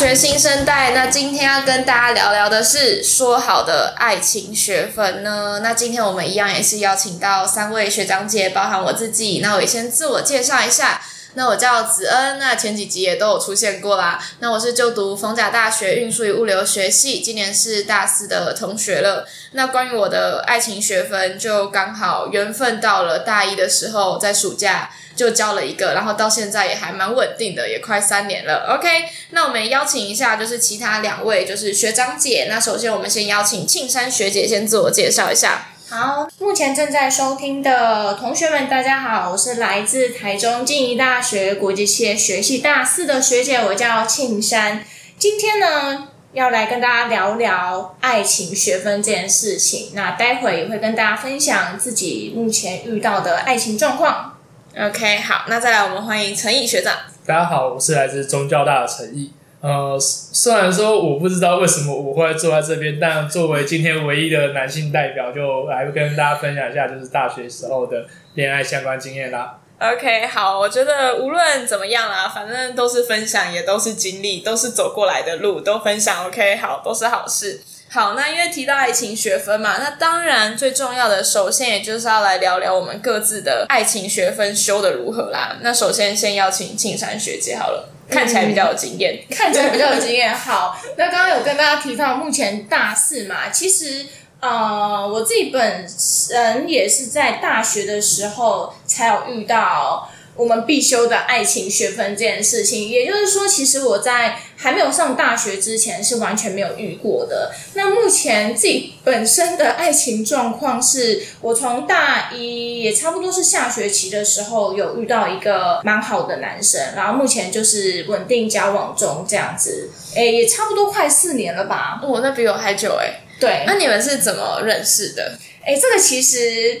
學新生代，那今天要跟大家聊聊的是說好的愛情學分呢？那今天我們一樣也是邀請到三位學長姐，包含我自己。那我也先自我介紹一下。那我叫子恩，那前幾集也都有出現過啦。那我是就讀逢甲大學運輸與物流學系，今年是大四的同學了。那關於我的愛情學分，就剛好緣分到了大一的時候，在暑假就交了一個，然後到現在也還蠻穩定的，也快三年了。OK，那我們邀請一下，就是其他兩位，就是學長姐。那首先我們先邀請慶山學姐先自我介紹一下。好，目前正在收聽的同學們，大家好，我是來自台中靜宜大學國際企業學系大四的學姐，我叫慶珊。今天呢，要來跟大家聊聊愛情學分這件事情。那待會也會跟大家分享自己目前遇到的愛情狀況。OK，好，那再來我們歡迎乘毅學長。大家好，我是來自中教大的乘毅。呃，雖然說我不知道為什麼我會坐在這邊，但作為今天唯一的男性代表，就來跟大家分享一下，就是大學時候的戀愛相關經驗啦。OK，好，我覺得無論怎麼樣啦，反正都是分享，也都是經歷，都是走過來的路，都分享。OK，好，都是好事。好，那因為提到愛情學分嘛，那當然最重要的，首先也就是要來聊聊我們各自的愛情學分修得如何啦。那首先先邀請青山學姐好了。看起來比較有經驗，嗯，看起來比較有經驗。 好，那剛剛有跟大家提到，目前大四嘛，其實呃，我自己本人也是在大學的時候才有遇到。我們必修的愛情學分這件事情，也就是說，其實我在還沒有上大學之前是完全沒有遇過的。那目前自己本身的愛情狀況是，我從大一也差不多是下學期的時候有遇到一個蠻好的男生，然後目前就是穩定交往中這樣子。哎，也差不多快四年了吧？我，哦，那比我還久哎，欸。對，那你們是怎麼認識的？哎，這個其實。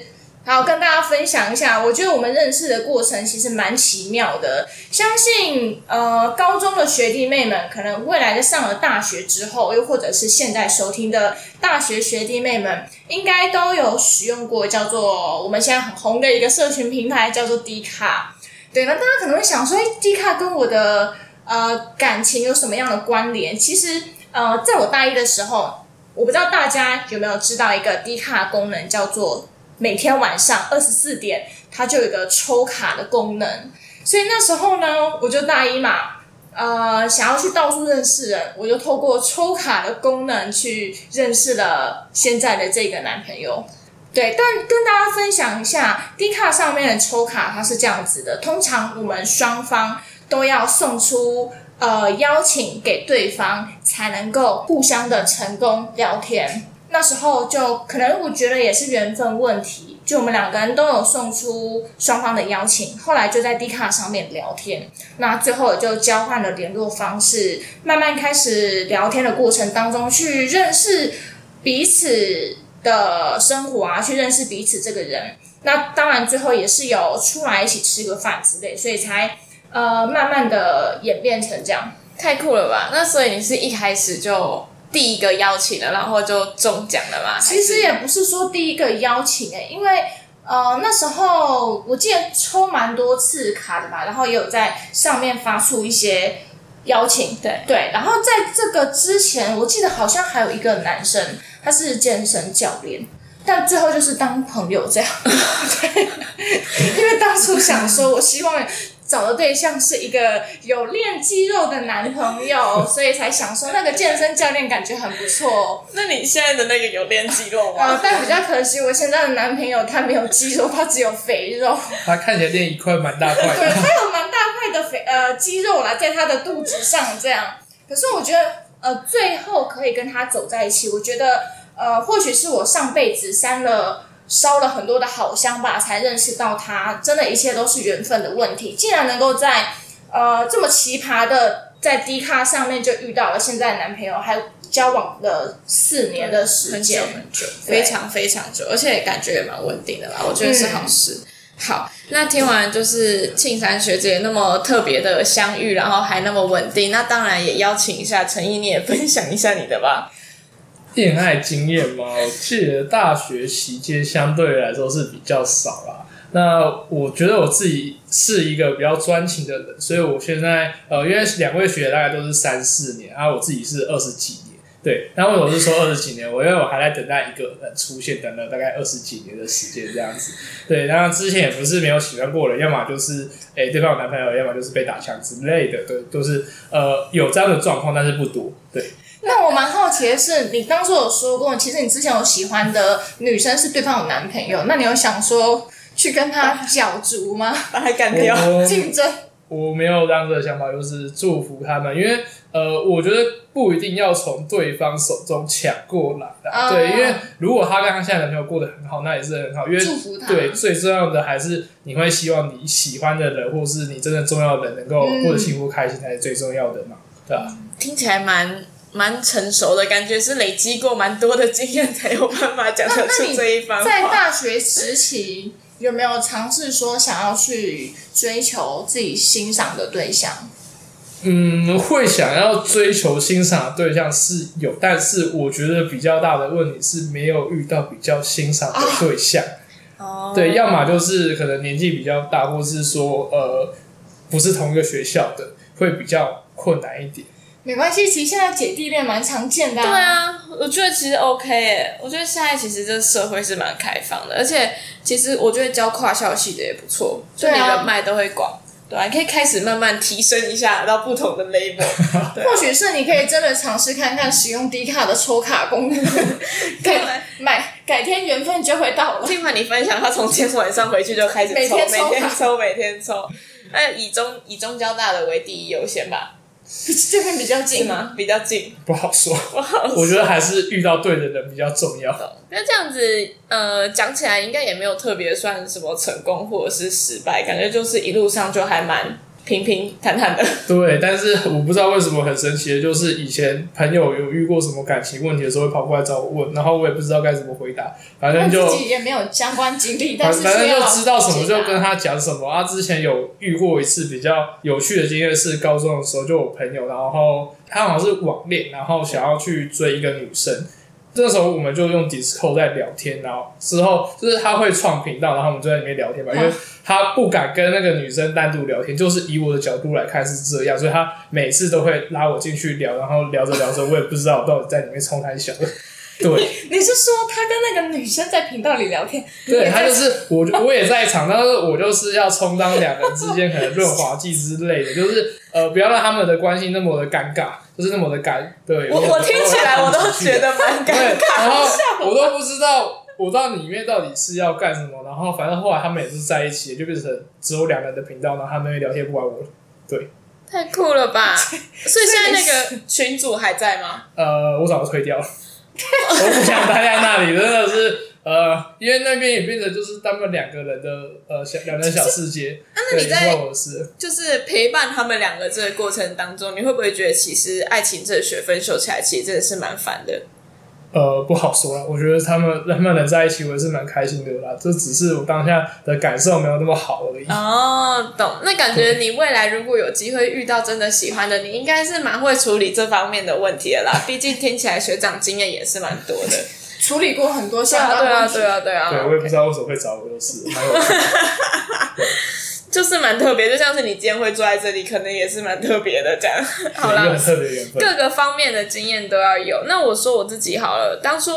好，跟大家分享一下，我覺得我們認識的過程其實蠻奇妙的。相信呃，高中的學弟妹們，可能未來的上了大學之後，又或者是現在收聽的大學學弟妹們，應該都有使用過叫做我們現在很紅的一個社群平台，叫做 D 卡。對，那大家可能會想說，哎，D 卡跟我的呃感情有什麼樣的關聯？其實呃，在我大一的時候，我不知道大家有沒有知道一個 D 卡功能叫做。每天晚上二十四點，它就有一個抽卡的功能。所以那時候呢，我就大一嘛，呃，想要去到處認識人，我就透過抽卡的功能去認識了現在的這個男朋友。對，但跟大家分享一下，Dcard 上面的抽卡它是這樣子的：通常我們雙方都要送出呃邀請給對方，才能夠互相的成功聊天。那時候就可能我覺得也是緣分問題，就我們兩個人都有送出雙方的邀請，後來就在 D 卡上面聊天，那最後也就交換了聯絡方式，慢慢開始聊天的過程當中去認識彼此的生活啊，去認識彼此這個人。那當然最後也是有出來一起吃個飯之類，所以才呃慢慢的演變成這樣。太酷了吧？那所以你是一開始就。第一個邀請了，然後就中獎了嘛？其實也不是說第一個邀請哎、欸，因為呃那時候我記得抽蠻多次卡的嘛，然後也有在上面發出一些邀請，對對。然後在這個之前，我記得好像還有一個男生，他是健身教練，但最後就是當朋友這樣， 對，因為當初想說我希望。找的對象是一個有練肌肉的男朋友，所以才想說那個健身教練感覺很不錯。 那你現在的那個有練肌肉嗎？啊，但比較可惜，我現在的男朋友他沒有肌肉，他只有肥肉。他看起來練一塊蠻大塊的。 對，他有蠻大塊的肥呃肌肉啦，在他的肚子上這樣。可是我覺得呃，最後可以跟他走在一起，我覺得呃，或許是我上輩子刪了燒了很多的好香吧，才認識到他，真的，一切都是緣分的問題。竟然能夠在，呃，這麼奇葩的，在低咖上面就遇到了現在男朋友，還交往了四年的時間，很久很久，對非常非常久，而且感覺也蠻穩定的啦。我覺得是好事。嗯、好，那聽完就是慶山學姐那麼特別的相遇，然後還那麼穩定，那當然也邀請一下乘毅，你也分享一下你的吧。戀愛經驗嗎？我記得大學期間相對來說是比較少啦。那我覺得我自己是一個比較專情的人，所以我現在呃，因為兩位學姐大概都是三四年，然後我自己是二十幾年。對，那為什麼是說二十幾年？我因為我還在等待一個人出現，等了大概二十幾年的時間這樣子。對，然後之前也不是沒有喜歡過的人，要麼就是誒，對方有男朋友，要麼就是被打槍之類的。對，都是呃，有這樣的狀況，但是不多。對。 那我蠻好奇的是，你當初有說過，其實你之前有喜歡的女生是對方有男朋友，那你有想說去跟她角逐嗎？把她幹掉呢，競爭？我沒有這樣的想法，就是祝福他們，因為呃，我覺得不一定要從對方手中搶過來的，嗯、對，因為如果她跟她現在男朋友過得很好，那也是很好，因為祝福他。對，最重要的還是你會希望你喜歡的人，或是你真的重要的人能夠，能夠過得幸福開心才是最重要的嘛，對吧、啊嗯？聽起來蠻。蠻成熟的感覺，是累積過蠻多的經驗才有辦法講得出這一番話。在大學時期，有沒有嘗試說想要去追求自己欣賞的對象？嗯，會想要追求欣賞的對象是有，但是我覺得比較大的問題是沒有遇到比較欣賞的對象。哦、啊，對，嗯、要麼就是可能年紀比較大，或是說呃，不是同一個學校的，會比較困難一點。沒關係，其實現在姐弟戀蠻常見的、啊。對啊，我覺得其實 OK 誒、欸，我覺得現在其實這社會是蠻開放的，而且其實我覺得交跨校系的也不錯，就你的人脈都會廣。對，啊對啊，你可以開始慢慢提升一下到不同的 level。 對。或許是你可以真的嘗試看看使用 D 卡的抽卡功能。對 完。買改天緣分就會到了。聽完你分享他從今天晚上回去就開始 抽，每天抽，每天抽，哎，以中以中交大的為第一優先吧。 這邊比較近嗎？比較近，不好說。不好說，我覺得還是遇到對的人比較重要。嗯，那這樣子，呃，講起來應該也沒有特別算什麼成功或者是失敗，感覺就是一路上就還蠻。平平坦坦的。對，但是我不知道為什麼很神奇的，就是以前朋友有遇過什麼感情問題的時候，會跑過來找我問，然後我也不知道該怎麼回答，反正就自己也沒有相關經歷，但是反正就知道什麼就跟他講什麼。他、啊、之前有遇過一次比較有趣的經驗，是高中的時候就有朋友，然後他好像是網戀，然後想要去追一個女生。這個時候我們就用 Discord 在聊天，然後之後就是他會創頻道，然後我們就在裡面聊天嘛。啊、因為他不敢跟那個女生單獨聊天，就是以我的角度來看是這樣，所以他每次都會拉我進去聊，然後聊着聊着我也不知道我到底在裡面充太小了。 對，你是說他跟那個女生在頻道裡聊天？對，他就是我，我也在場， 但是我就是要充當兩人之間可能潤滑劑之類的，就是呃，不要讓他們的關係那麼的尷尬。不是那麼的尬，對我我，我聽起來對我都覺得蠻尷尬， 然後我都不知道， 我不知道裡面到底是要幹什麼，然後反正後來他們也是在一起，就變成只有兩人的頻道，然後他們也聊天不關我，對，太酷了吧！所以現在那個群主還在嗎？ 呃，我早就退掉了， 我不想待在那裡，真的是。呃，因為那邊也變成就是他們兩個人的呃小，兩個小世界。就是，對那你在就是陪伴他們兩個這個過程當中，嗯、你會不會覺得其實愛情這個學分修起來，其實真的是蠻煩的？呃，不好說啦。我覺得他們他們能在一起，我也是蠻開心的啦。就只是我當下的感受沒有那麼好而已。哦，懂。那感覺你未來如果有機會遇到真的喜歡的，對你應該是蠻會處理這方面的問題的啦。畢竟聽起來學長經驗也是蠻多的。 處理過很多下班。對啊對啊對啊對啊，對我也不知道為什麼會找我做事還有， 就是蠻特別，就像是你今天會坐在這裡，可能也是蠻特別的這樣。 好啦，個各個方面的經驗都要有。那我說我自己好了，當初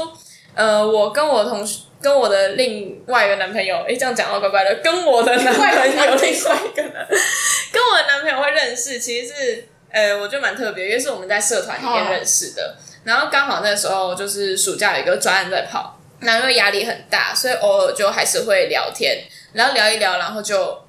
呃，我跟我同學跟我的另外一個男朋友，哎，這樣講哦，乖乖的，跟我的男朋友另外一個男， 跟我的男朋友會認識，其實是呃，我覺得蠻特別，因為是我們在社團裡面認識的。啊然後剛好那時候就是暑假有一個專案在跑，那因為壓力很大，所以偶爾就還是會聊天，然後聊一聊，然後就。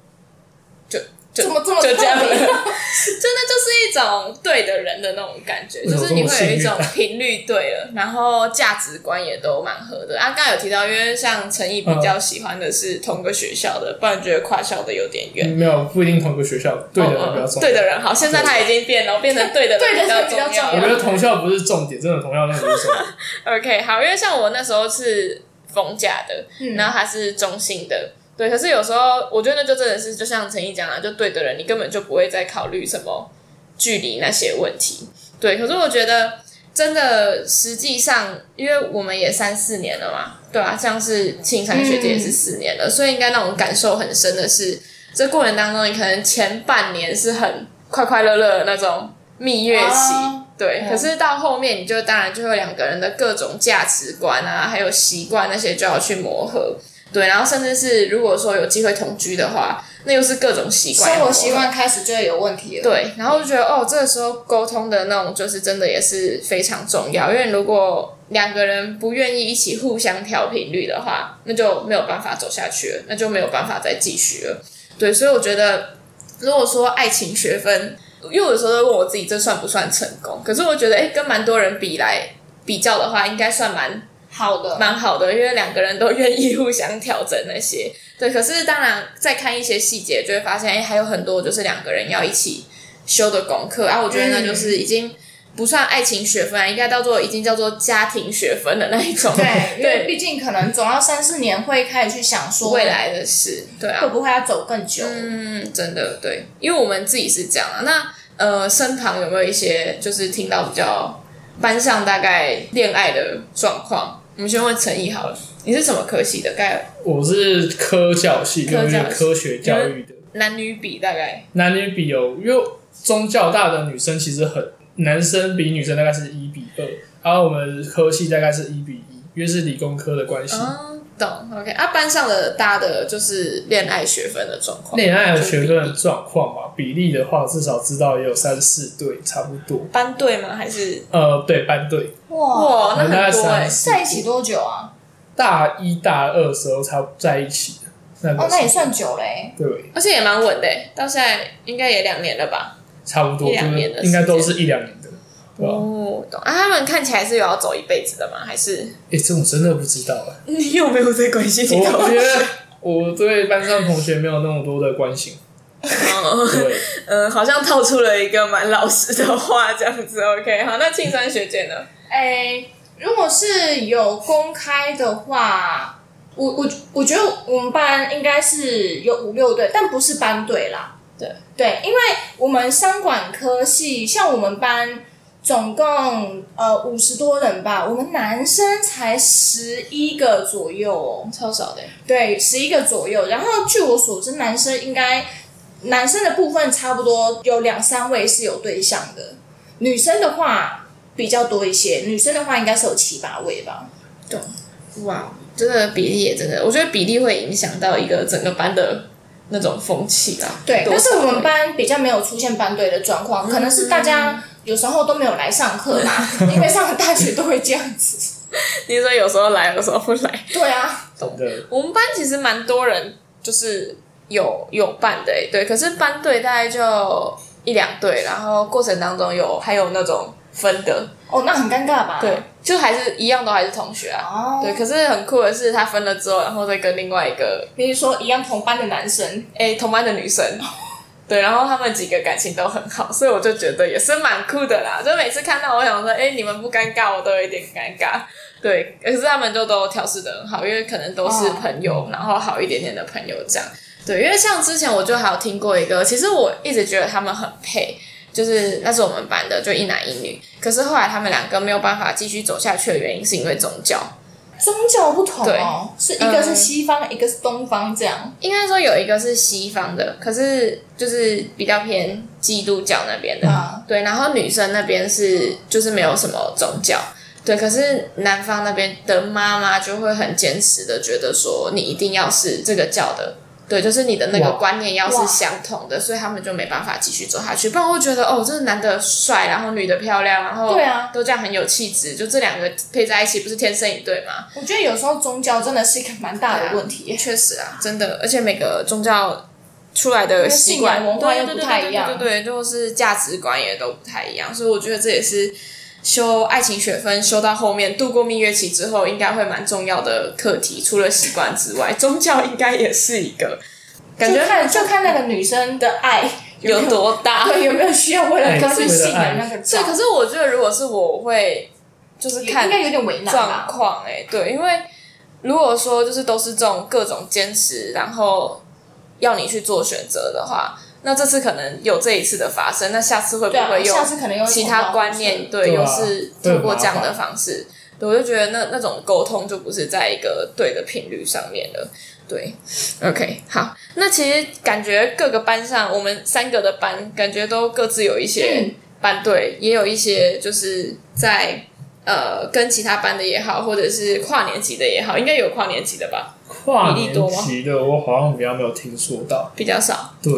就怎麼這麼聰明？ 真的就是一種對的人的那種感覺，就是你會有一種頻率對了，然後價值觀也都蠻合的。啊，剛剛有提到，因為像陳毅比較喜歡的是同個學校的，嗯、不然覺得跨校的有點遠，嗯。沒有，不一定同個學校，對的人比較重要。哦、嗯、對的人好，現在他已經變了，變成對的人比較重要。重要啊，我覺得同校不是重點，真的同校那種。什麼、嗯。OK，好，因為像我那時候是逢甲的，嗯、然後他是中性的。對，可是有時候我覺得那就真的是，就像乘毅講啊，就對的人，你根本就不會再考慮什麼距離那些問題。對，可是我覺得真的，實際上因為我們也三四年了嘛，對吧、啊？像是青山學姐也是四年了，嗯、所以應該那種感受很深的是，這過程當中，你可能前半年是很快快樂樂的那種蜜月期，啊、對。嗯、可是到後面，你就當然就會兩個人的各種價值觀啊，還有習慣那些，就要去磨合。對，然後甚至是如果說有機會同居的話，那又是各種習慣以，生活習慣開始就會有問題了。對，然後就覺得哦，這個時候溝通的那種，就是真的也是非常重要，因為如果兩個人不願意一起互相調頻率的話，那就沒有辦法走下去了，那就沒有辦法再繼續了。對，所以我覺得，如果說愛情學分，又有時候問我自己，這算不算成功？可是我覺得，誒，跟蠻多人比來比較的話，應該算蠻。好的，蠻好的，因為兩個人都願意互相調整那些，對。可是當然，再看一些細節，就會發現，哎，還有很多就是兩個人要一起修的功課。然後、啊、我覺得那、嗯、就是已經不算愛情學分，應該叫做已經叫做家庭學分的那一種。嗯、對，對因為畢竟可能總要三四年會開始去想說未來的事，對啊，會不會要走更久？嗯，真的對，因為我們自己是這樣啊。那呃，身旁有沒有一些就是聽到比較班上大概戀愛的狀況？我們先問乘毅好了，你是什麼科系的？我是科教系，就是科學教育的。男女比大概？男女比有，因為中教大的女生其實很，男生比女生大概是一比二，然後我們科系大概是一比一，因為是理工科的關係。嗯，懂，OK。啊，班上的大家的就是戀愛學分的狀況。戀愛學分的狀況嘛，1比1，比例的話至少知道也有三四對，差不多。班對嗎？還是？呃，對班對。哇，那很多哎、欸，在一起多久啊？大一、大二時候才在一起的，哦，那也算久嘞、欸。對，而且也蠻穩的、欸，到現在應該也兩年了吧？差不多兩年了，應該都是一兩年的。對啊、哦，懂啊，他們看起來是有要走一輩子的嗎？還是？哎、欸，這種真的不知道哎、欸。你有沒有在關心？我覺得我對班上同學沒有那麼多的關心。 對嗯，好像套出了一個蠻老實的話，這樣子。OK，好，那青山學姐呢？ 誒，如果是有公開的話，我我我覺得我們班應該是有五六對，但不是班對啦。對對，因為我們商管科系，像我們班總共呃五十多人吧，我們男生才十一個左右哦，超少的。對，十一個左右。然後據我所知，男生應該男生的部分差不多有兩三位是有對象的，女生的話。比較多一些，女生的話應該是有七八位吧。對，哇，真的比例也真的，我覺得比例會影響到一個整個班的那種風氣啊。對，多少 但是我們班比較沒有出現班對的狀況，嗯、可能是大家有時候都沒有來上課吧，嗯、因為上了大學都會這樣子。 你說有時候來，有時候不來。對啊，懂。我們班其實蠻多人，就是有有伴的、欸，對，可是班對大概就一兩對，然後過程當中有還有那種。分的哦，那很尷尬吧？對，就還是一樣，都還是同學啊。哦、對，可是很酷的是，他分了之後，然後再跟另外一個，比如說一樣同班的男生，哎、欸，同班的女生，對，然後他們幾個感情都很好，所以我就覺得也是蠻酷的啦。就每次看到，我想說，哎、欸，你們不尷尬，我都有一點尷尬。對，可是他們就都調適得很好，因為可能都是朋友，哦、然後好一點點的朋友這樣。對，因為像之前我就還有聽過一個，其實我一直覺得他們很配。就是那是我們班的，就一男一女。可是後來他們兩個沒有辦法繼續走下去的原因，是因為宗教，宗教不同哦，對，是一個是西方，嗯、一個是東方，這樣。應該說有一個是西方的，可是就是比較偏基督教那邊的，嗯、對。然後女生那邊是就是沒有什麼宗教，對。可是男方那邊的媽媽就會很堅持的覺得說，你一定要是這個教的。對，就是你的那個觀念要是相同的，所以他們就沒辦法繼續走下去。不然我會覺得哦，這個男的帥，然後女的漂亮，然後對啊，都這樣很有氣質，就這兩個配在一起不是天生一對嗎？我覺得有時候宗教真的是一個蠻大的問題耶。對啊，確實啊，真的，而且每個宗教出來的習慣、文化又不太一樣。對對對對對，就是價值觀也都不太一樣，嗯。所以我覺得這也是。修愛情學分修到後面度過蜜月期之後，應該會蠻重要的課題。除了習慣之外，宗教應該也是一個。感覺就看就看那個女生的愛有，有，有多大，對，有沒有需要為了個人吸引那個。欸、對，可是我覺得如果是我會，就是看、欸、應該有點為難。狀況哎，對，因為如果說就是都是這種各種堅持，然後要你去做選擇的話。那這次可能有這一次的發生，那下次會不會有其他觀念？對，啊、有對，對啊，又是通過這樣的方式，我就覺得那那種溝通就不是在一個對的頻率上面了。對，OK，好。那其實感覺各個班上，我們三個的班，感覺都各自有一些班隊，嗯，也有一些就是在呃跟其他班的也好，或者是跨年級的也好，應該有跨年級的吧？跨年級的，比例多嗎？我好像比較沒有聽說到，比較少。對。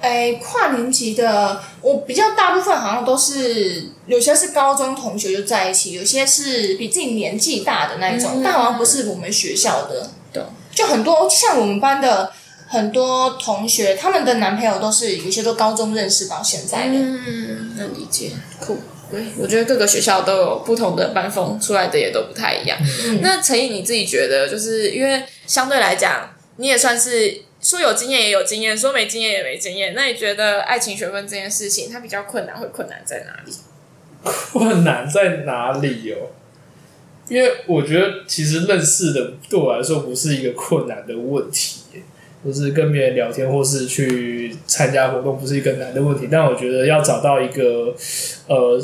哎，跨年級的，我比較大部分好像都是，有些是高中同學就在一起，有些是比自己年紀大的那一種，嗯、但好像不是我們學校的。對，就很多像我們班的很多同學，他們的男朋友都是，有些都高中認識到現在的。嗯，能理解，酷。Cool. 對，我覺得各個學校都有不同的班風，出來的也都不太一樣。嗯、那乘毅，你自己覺得，就是因為相對來講，你也算是。說有經驗也有經驗，說沒經驗也沒經驗。那你覺得愛情學分這件事情，它比較困難會困難在哪裡？困難在哪裡喲、哦？因為我覺得其實認識的對我來說不是一個困難的問題，就是跟別人聊天，或是去參加活動，不是一個難的問題。但我覺得要找到一個，呃。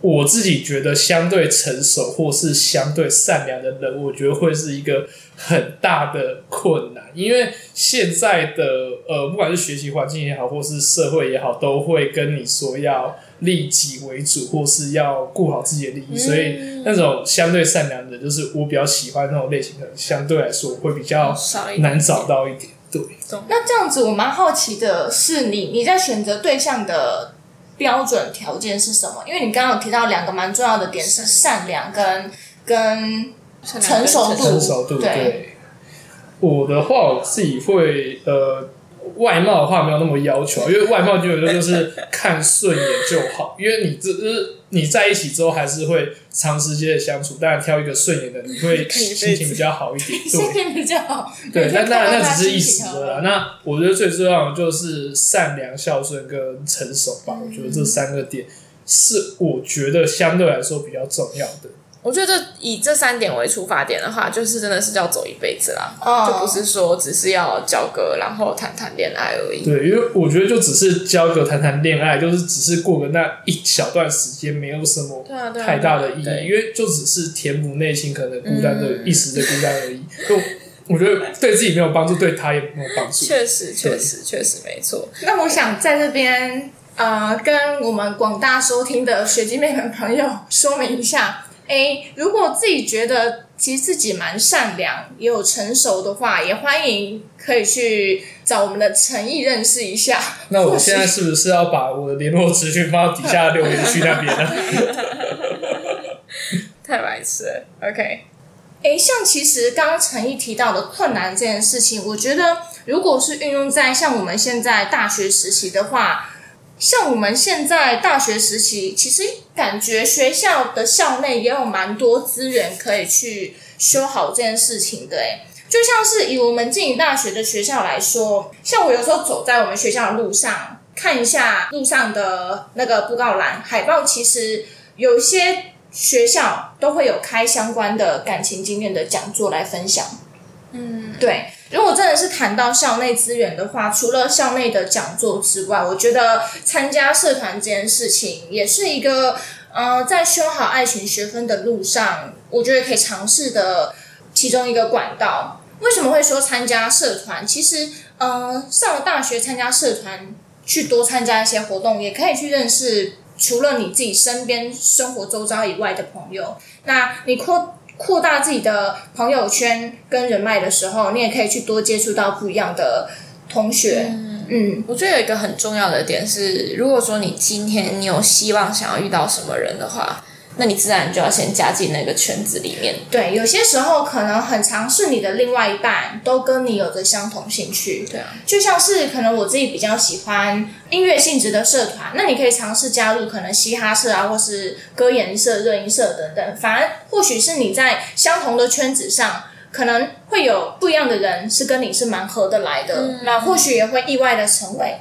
我自己覺得相對成熟或是相對善良的人，我覺得會是一個很大的困難，因為現在的呃，不管是學習環境也好，或是社會也好，都會跟你說要利己為主，或是要顧好自己的利益。嗯、所以那種相對善良的，就是我比較喜歡那種類型的，相對來說會比較難找到一點。對，那這樣子我蠻好奇的是你，你你在選擇對象的，標準條件是什麼？因為你剛剛有提到兩個蠻重要的點，是善良跟跟成熟度。熟度，對，對，我的話，我自己會呃，外貌的話沒有那麼要求，因為外貌基本上就是看順眼就好， 因為你自你在一起之後還是會長時間的相處，當然挑一個順眼的，你會心情比較好一點，對，心情比較好。好，對，那當然那只是一時的啦。那我覺得最重要的就是善良、孝順跟成熟吧。我覺得這三個點是我覺得相對來說比較重要的。嗯我覺得這以這三點為出發點的話，就是真的是要走一輩子啦，哦、就不是說只是要交個然後談談戀愛而已。對，因為我覺得就只是交個談談戀愛，就是只是過個那一小段時間，沒有什麼太大的意義。因為就只是填補內心可能孤單的、嗯、一時的孤單而已。就我覺得對自己沒有幫助，對他也沒有幫助。確實，確對實，確實沒錯。那我想在這邊呃，跟我們廣大收聽的學弟妹們朋友說明一下。欸、如果自己覺得其實自己蠻善良，也有成熟的話，也歡迎可以去找我們的乘毅認識一下。那我現在是不是要把我的聯絡資訊放到底下留言區那邊？ 太白痴，OK、欸。像其實剛剛乘毅提到的困難這件事情，我覺得如果是運用在像我們現在大學時期的話。像我們現在大學時期，其實感覺學校的校內也有蠻多資源可以去修好這件事情的誒。就像是以我們靜宜大學的學校來說，像我有時候走在我們學校的路上，看一下路上的那個布告欄、海報，其實有些學校都會有開相關的感情經驗的講座來分享。嗯，對。如果真的是談到校內資源的話，除了校內的講座之外，我覺得參加社團這件事情也是一個，呃，在修好愛情學分的路上，我覺得可以嘗試的其中一個管道。為什麼會說參加社團？其實，呃，上了大學參加社團，去多參加一些活動，也可以去認識除了你自己身邊生活周遭以外的朋友。那你擴。擴大自己的朋友圈跟人脈的時候，你也可以去多接觸到不一樣的同學。嗯，嗯，我覺得有一個很重要的點是，如果說你今天你有希望想要遇到什麼人的話。那你自然就要先加進那個圈子裡面。對，有些時候可能很常是你的另外一半都跟你有着相同興趣。對啊，就像是可能我自己比較喜歡音樂性質的社團，那你可以嘗試加入可能嘻哈社啊，或是歌研社、熱音社等等。反而或許是你在相同的圈子上，可能會有不一樣的人是跟你是蠻合得來的，那、嗯、或許也會意外的成為。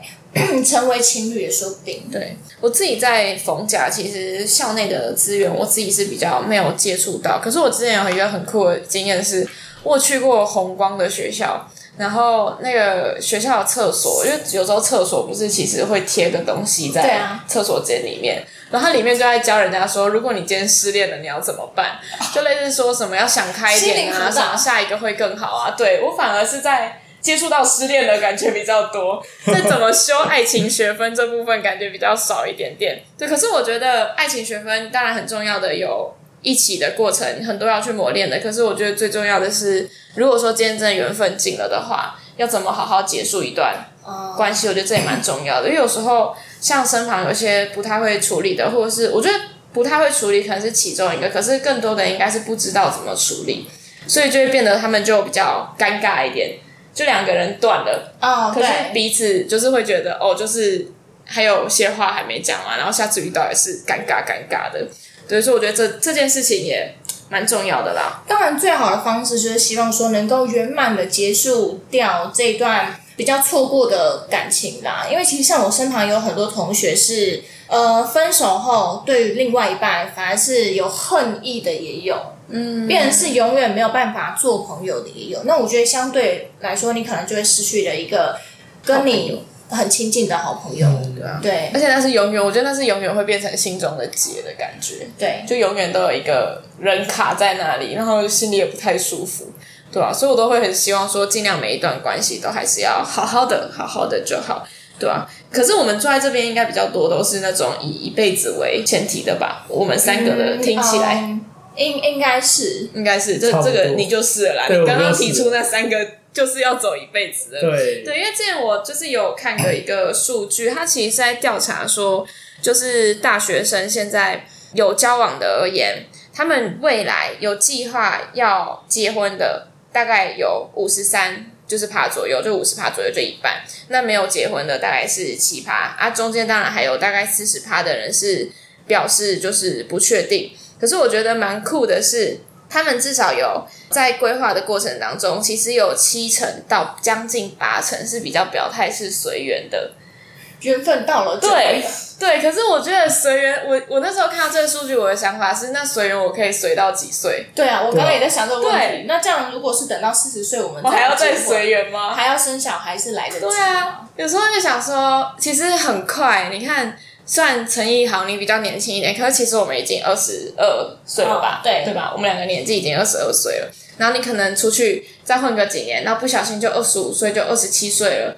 成為情侶也說不定對。對，我自己在逢甲，其實校內的資源我自己是比較沒有接觸到。可是我之前有一個很酷的經驗，是我有去過弘光的學校，然後那個學校的廁所，因為有時候廁所不是其實會貼個東西在廁所間裡面，啊、然後它裡面就在教人家說，如果你今天失戀了，你要怎麼辦？就類似說什麼要想開一點啊，想要下一個會更好啊。對，我反而是在。接觸到失戀的感覺比較多，那怎麼修愛情學分這部分感覺比較少一點點。對，可是我覺得愛情學分當然很重要的，有一起的過程，很多要去磨練的。可是我覺得最重要的是，如果說今天真的緣分盡了的話，要怎麼好好結束一段關係，我覺得這也蠻重要的。因為有時候像身旁有些不太會處理的，或者是我覺得不太會處理，可能是其中一個。可是更多的人應該是不知道怎麼處理，所以就會變得他們就比較尷尬一點。就兩個人斷了，啊、哦，對，可是彼此就是會覺得，哦，就是還有些話還沒講完、啊，然後下次遇到也是尷尬尷尬的。所以說，我覺得這這件事情也蠻重要的啦。當然，最好的方式就是希望說能夠圓滿的結束掉這段比較錯過的感情啦。因為其實像我身旁有很多同學是，呃，分手後對於另外一半反而是有恨意的，也有。嗯，變成是永遠沒有辦法做朋友的也有，那我覺得相對來說，你可能就會失去了一個跟你很親近的好朋友，對吧？對，而且那是永遠，我覺得那是永遠會變成心中的結的感覺，對，就永遠都有一個人卡在那裡，然後心裡也不太舒服，對吧？所以，我都會很希望說，盡量每一段關係都還是要好好的，好好的就好，對吧？可是，我們坐在這邊應該比較多都是那種以一輩子為前提的吧？我們三個的、嗯、聽起來。嗯應應該是應該是這這個你就是了啦。對你剛剛提出那三個就是要走一輩子了。對對，因為之前我就是有看過一個數據，他其實是在調查說，就是大學生現在有交往的而言，他們未來有計劃要結婚的大概有五十三就是趴左右，就五十趴左右，這一半。那沒有結婚的大概是七趴，啊，中間當然還有大概四十趴的人是表示就是不確定。可是我覺得蠻酷的是，他們至少有在規劃的過程當中，其實有七成到將近八成是比較表態是隨緣的，緣分到了。對對，可是我覺得隨緣，我我那時候看到這個數據，我的想法是，那隨緣我可以隨到幾歲？對啊，我剛剛也在想這個問題。對那這樣如果是等到四十歲，我們我還要再隨緣嗎？還要生小孩是來得及嗎？對啊，有時候就想說，其實很快，你看。雖然乘毅你比較年輕一點，可是其實我們已經二十二歲了吧？哦、對對吧？我們兩個年紀已經二十二歲了。然後你可能出去再混個幾年，然後不小心就二十五歲，就二十七歲了。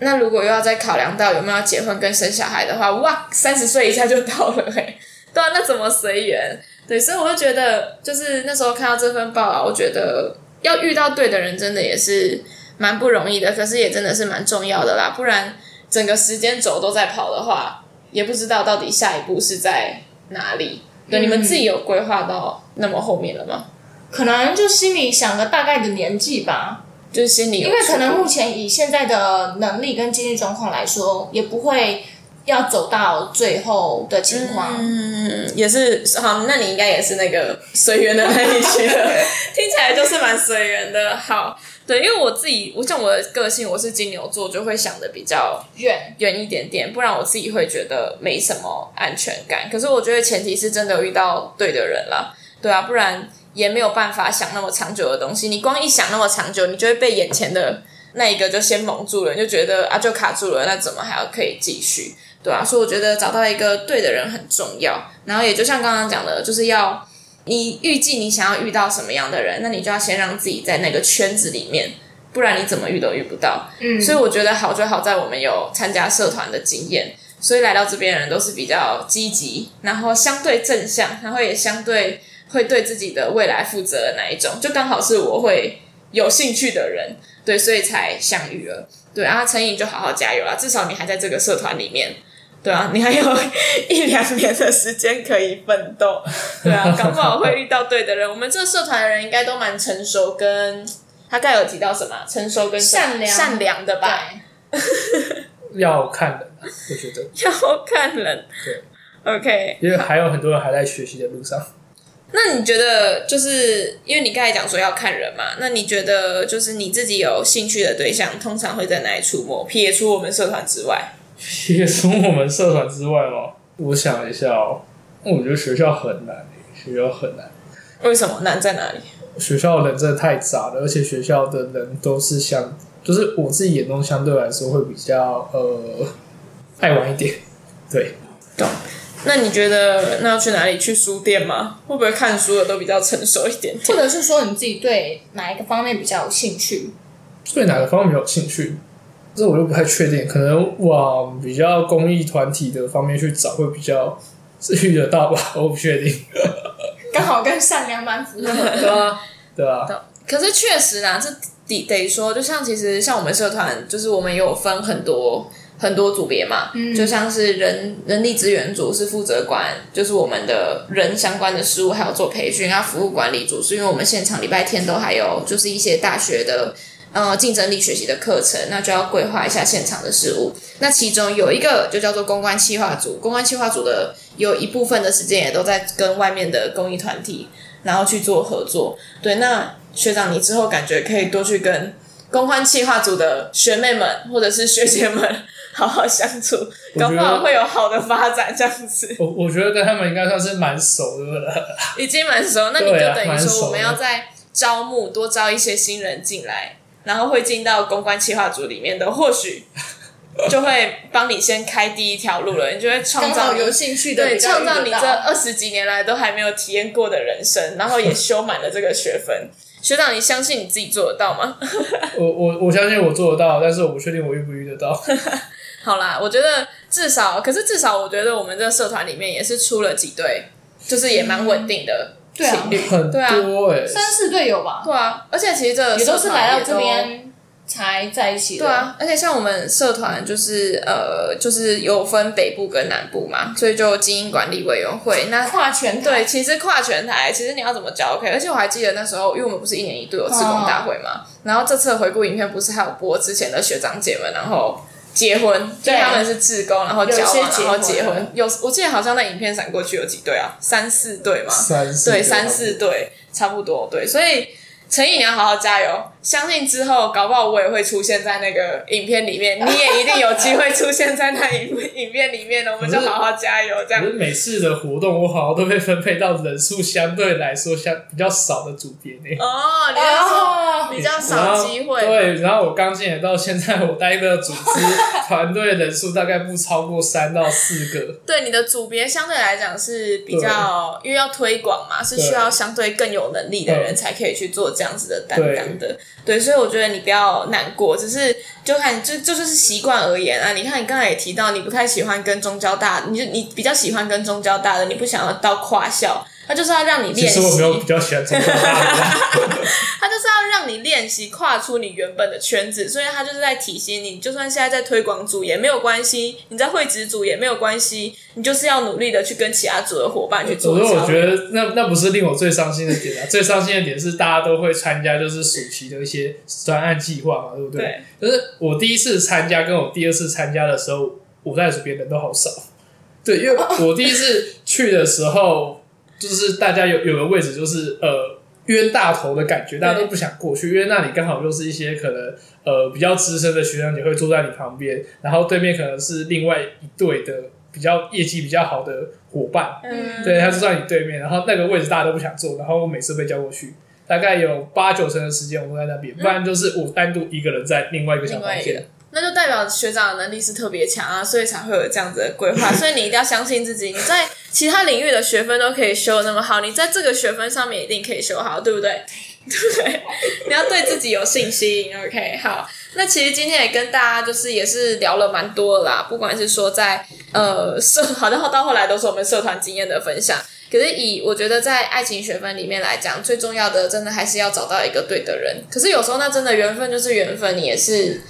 那如果又要再考量到有沒有結婚跟生小孩的話，哇，三十歲以下就到了嘿、欸、對啊，那怎麼隨緣？對，所以我就覺得，就是那時候看到這份報啊，我覺得要遇到對的人，真的也是蠻不容易的。可是也真的是蠻重要的啦，不然整個時間軸都在跑的話。也不知道到底下一步是在哪裡，對，你們自己有規劃到那麼後面了嗎？嗯，可能就心裡想個大概的年紀吧，就是心裡有因為可能目前以現在的能力跟經濟狀況來說，也不會。要走到最後的情況，嗯，也是好，那你應該也是那個隨緣的那裡去了， 聽起來就是蠻隨緣的。好，對，因為我自己，我像我的個性，我是金牛座，就會想的比較遠遠一點點，不然我自己會覺得沒什麼安全感。可是我覺得前提是真的有遇到對的人了，對啊，不然也沒有辦法想那麼長久的東西。你光一想那麼長久，你就會被眼前的那一個就先蒙住了，你就覺得啊，就卡住了，那怎麼還要可以繼續？對啊，所以我覺得找到一個對的人很重要。然後也就像剛剛講的，就是要你預計你想要遇到什麼樣的人，那你就要先讓自己在那個圈子裡面，不然你怎麼遇都遇不到。嗯，所以我覺得好就好在我們有參加社團的經驗，所以來到這邊的人都是比較積極，然後相對正向，然後也相對會對自己的未來負責的那一種，就剛好是我會有興趣的人，對，所以才相遇了。對啊，乘毅就好好加油啦，至少你還在這個社團裡面。對啊，你還有一兩年的時間可以奮鬥。對啊，搞不好會遇到對的人。 我們這個社團的人應該都蠻成熟跟，跟他剛有提到什麼成熟跟成善良善良的吧？對 要看人，我覺得要看人。對，OK，因為還有很多人還在學習的路上。好那你覺得，就是因為你剛才講說要看人嘛？那你覺得，就是你自己有興趣的對象，通常會在哪裡出沒？撇除我們社團之外。其實從我們社團之外，我想一下哦、喔，我覺得學校很難，欸，學校很難。為什麼難在哪裡？學校的人真的太雜了，而且學校的人都是相，就是我自己眼中相對來說會比較呃愛玩一點。對，懂。那你覺得那要去哪裡？去書店嗎？會不會看書的都比較成熟一點？或者是說你自己對哪一個方面比較有興趣？對哪個方面比較有興趣？這我就不太確定，可能往比較公益團體的方面去找會比較是遇得到吧，我不確定。 剛好跟善良蠻符合， 對啊，對啊。可是確實啊，這得得，得說，就像其實像我們社團，就是我們也有分很多很多組別嘛，嗯。就像是人人力資源組是負責管就是我們的人相關的事務，還有做培訓啊，還有服務管理組是因為我們現場禮拜天都還有就是一些大學的。呃，嗯、競爭力學習的課程，那就要規劃一下現場的事務。那其中有一個就叫做公關企劃組，公關企劃組的有一部分的時間也都在跟外面的公益團體，然後去做合作。對，那學長你之後感覺可以多去跟公關企劃組的學妹們或者是學姐們好好相處，剛好會有好的發展這樣子。我我覺得跟他們應該算是蠻熟的了，已經蠻熟。那你就等於說我們要再招募多招一些新人進來。然後會進到公關企劃組裡面的，或許就會幫你先開第一條路了，你就會創造有興趣的到，對，創造你這二十幾年來都還沒有體驗過的人生，然後也修滿了這個學分。 學長，你相信你自己做得到嗎？ 我我我相信我做得到，但是我不確定我遇不遇得到。 好啦，我覺得至少，可是至少，我覺得我們這個社團裡面也是出了幾對，就是也蠻穩定的。嗯情侶、啊、很多誒三四隊友吧。對啊，而且其實這也都是來到這邊才在一起的。對啊，而且像我們社團就是呃，就是有分北部跟南部嘛，所以就經營管理委員會那跨全台，其實跨全台，其實你要怎麼交 OK 而且我還記得那時候，因為我們不是一年一度有職工大會嘛，啊、然後這次回顧影片不是還有播之前的學長姐們，然後。結婚就、嗯、對他們是志工，然後交往，結婚然後結婚。有我記得好像那影片閃過去有幾對啊，三四對嘛，三四對三四對差不多對。所以乘毅要好好加油。相信之後，搞不好我也會出現在那個影片裡面，你也一定有機會出現在那影影片裡面的， 我們就好好加油，是這樣。每次的活動，我好像都被分配到人數相對來說相比較少的組別。哦，你要說、哦、比較少機會。對，然後我剛進來到現在，我帶一個組織 團隊人數大概不超過三到四個。對，你的組別相對來講是比較，對因為要推廣嘛，是需要相對更有能力的人對才可以去做這樣子的擔當的。對，所以我覺得你不要難過，只是就看就，就就是習慣而言啊。你看，你剛才也提到，你不太喜歡跟中交大，你就你比較喜歡跟中交大的，你不想要到跨校。他就是要讓你練習。其實我沒有比較喜歡他 就是要讓你練習跨出你原本的圈子，所以他就是在提醒你，就算現在在推廣組也沒有關係，你在會址組也沒有關係，你就是要努力的去跟其他組的夥伴去做。所以我覺得那那不是令我最傷心的點啊！ 最傷心的點是大家都會參加，就是暑期的一些專案計劃嘛，對不對？就對是我第一次參加跟我第二次參加的時候，我在這邊人都好少。對，因為我第一次去的時候。 就是大家有有的位置就是呃冤大頭的感覺，大家都不想過去，對因為那裡剛好就是一些可能呃比較資深的學長姐會坐在你旁邊，然後對面可能是另外一隊的比較業績比較好的伙伴，嗯，對，他坐在你對面，然後那個位置大家都不想坐，然後我每次被叫過去，大概有八九成的時間我在那邊，嗯、不然就是我單獨一個人在另外一個小房間。那就代表學長的能力是特別強啊，所以才會有這樣子的規劃。所以你一定要相信自己，你在其他領域的學分都可以修那麼好，你在這個學分上面一定可以修好，對不對？對，你要對自己有信心。OK，好，那其實今天也跟大家就是也是聊了蠻多啦，不管是說在呃社，好像到後來都是我們社團經驗的分享。可是以我覺得在愛情學分裡面來講，最重要的真的還是要找到一個對的人。可是有時候那真的緣分就是緣分，你也是，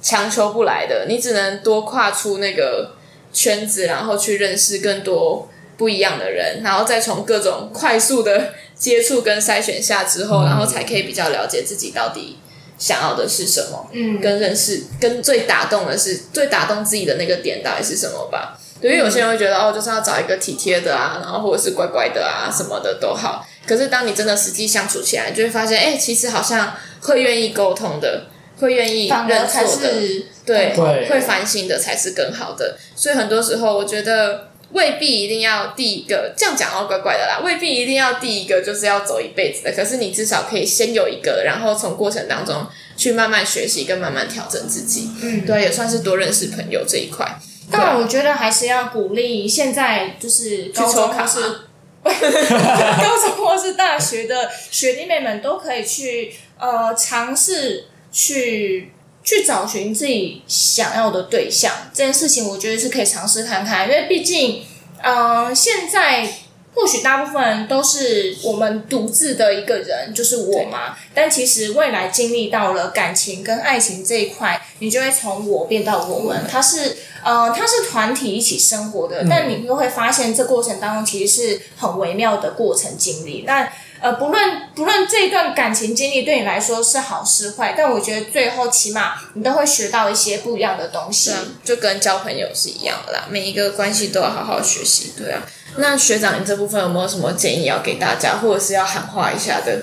強求不來的，你只能多跨出那個圈子，然後去認識更多不一樣的人，然後再從各種快速的接觸跟篩選下之後，然後才可以比較了解自己到底想要的是什麼，嗯，跟認識跟最打動的是最打動自己的那個點到底是什麼吧？對，因為有些人會覺得哦，就是要找一個體貼的啊，然後或者是乖乖的啊什麼的都好，可是當你真的實際相處起來，你就會發現，誒，其實好像會願意溝通的。會願意認錯的，對，對，會反省的才是更好的。對所以很多時候，我覺得未必一定要第一個。這樣講哦，怪怪的啦，未必一定要第一個，就是要走一輩子的。可是你至少可以先有一個，然後從過程當中去慢慢學習跟慢慢調整自己。嗯，對，也算是多認識朋友這一塊。嗯、對但我覺得還是要鼓勵，現在就是高中抽或是嗎 高中或是大學的學弟妹們都可以去呃嘗試。去去找尋自己想要的對象，這件事情我覺得是可以嘗試看看，因為畢竟，嗯、呃，現在或許大部分都是我們獨自的一個人，就是我嘛。對但其實未來經歷到了感情跟愛情這一塊，你就會從我變到我們，嗯、它是呃，它是團體一起生活的。嗯、但你又會發現，這過程當中其實是很微妙的過程經歷。那呃，不論不論這一段感情經歷對你來說是好是壞，但我覺得最後起碼你都會學到一些不一樣的東西，嗯、就跟交朋友是一樣的啦。每一個關係都要好好學習。對啊，那學長，你這部分有沒有什麼建議要給大家，或者是要喊話一下的？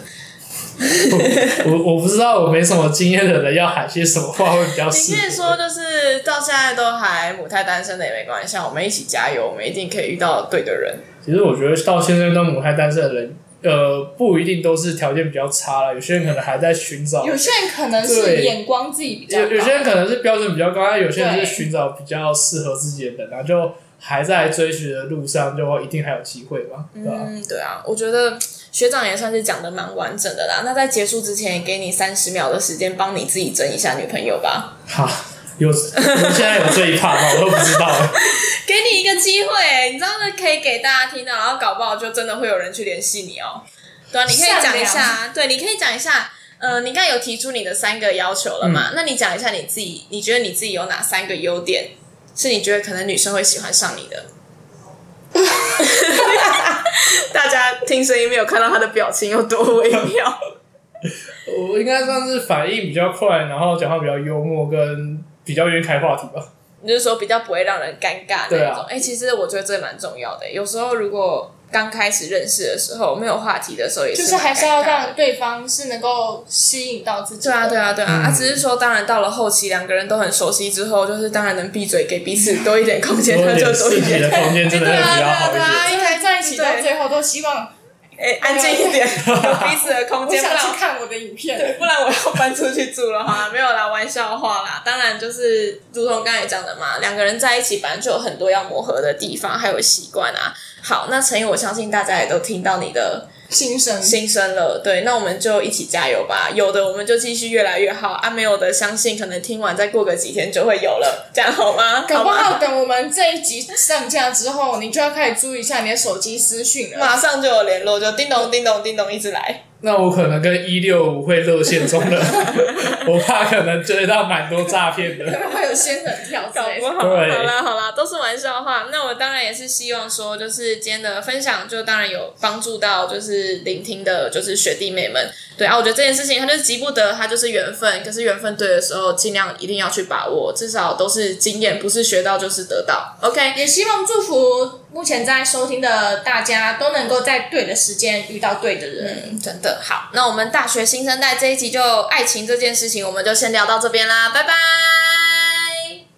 我我，我不知道，我沒什麼經驗的人要喊些什麼話會比較。你可以 說就是到現在都還母胎單身的也沒關係，我們一起加油，我們一定可以遇到對的人。其實我覺得到現在都母胎單身的人。呃，不一定都是條件比較差了，有些人可能還在尋找，嗯，有些人可能是眼光自己比較高，有有些人可能是標準比較高，但有些人是尋找比較適合自己的人，對然後就還在追尋的路上，就一定還有機會吧？啊，嗯，對啊，我覺得學長也算是講的蠻完整的啦。那在結束之前，也給你三十秒的時間，幫你自己爭一下女朋友吧。好。有我現在有這一趴嗎？我都不知道。 給你一個機會、欸，你知道的，可以給大家聽到，然後搞不好就真的會有人去聯繫你哦、喔。對，啊、你對，你可以講一下。對、呃，你可以講一下。嗯，你剛才有提出你的三個要求了嘛？嗯、那你講一下你自己，你覺得你自己有哪三個優點，是你覺得可能女生會喜歡上你的？ 大家聽聲音沒有看到他的表情有多微妙？ 我應該算是反應比較快，然後講話比較幽默，跟，比較願意開話題吧，你就是說比較不會讓人尷尬那種。哎、啊欸，其實我覺得這蠻重要的。有時候如果剛開始認識的時候沒有話題的時候，也是，就是還是要讓對方是能夠吸引到自己對、啊。對啊，對啊，對啊。嗯、啊，只是說，當然到了後期兩個人都很熟悉之後，就是當然能閉嘴，給彼此多一點空間，多一點，他就多一點空間，這個啊，對啊，好的、啊。因為、啊、對對在一起到最後都希望。誒，欸、okay, 安靜一點，有彼此的空間。不去看我的影片，然 對，不然我要搬出去住了哈。 沒有啦，玩笑話啦。當然，就是如同剛才講的嘛，兩個人在一起，反正就有很多要磨合的地方，還有習慣啊。好，那乘毅，我相信大家也都聽到你的。新生，新生了，對，那我們就一起加油吧。有的我們就繼續越來越好啊，沒有的相信可能聽完再過個幾天就會有了，這樣好嗎？好嗎？搞不好等我們這一集上架之後， 你就要開始注意一下你的手機私訊了，馬上就有聯絡，就叮咚叮咚叮咚叮咚一直來。嗯那我可能跟一六五會熱線中的， 我怕可能追到蠻多詐騙的，可能會有仙人跳，搞不好。對好啦好啦，都是玩笑話。那我當然也是希望說，就是今天的分享，就當然有幫助到，就是聆聽的，就是學弟妹們。對，啊，我覺得這件事情，它就是急不得，它就是緣分。可是緣分對的時候，盡量一定要去把握，至少都是經驗，不是學到就是得到。OK，也希望祝福。目前在收聽的大家都能夠在對的時間遇到對的人，嗯、真的好。那我們大學新生代這一集就愛情這件事情，我們就先聊到這邊啦，拜拜。